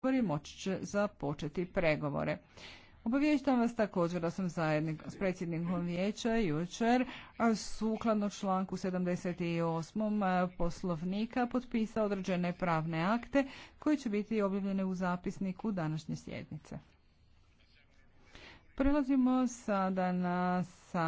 pregovori moći će započeti pregovore. Obavještavam vas također da sam zajednik s predsjednikom vijeća jučer sukladno članku 78. poslovnika potpisao određene pravne akte koji će biti objavljene u zapisniku današnje sjednice. Prelazimo sada na sa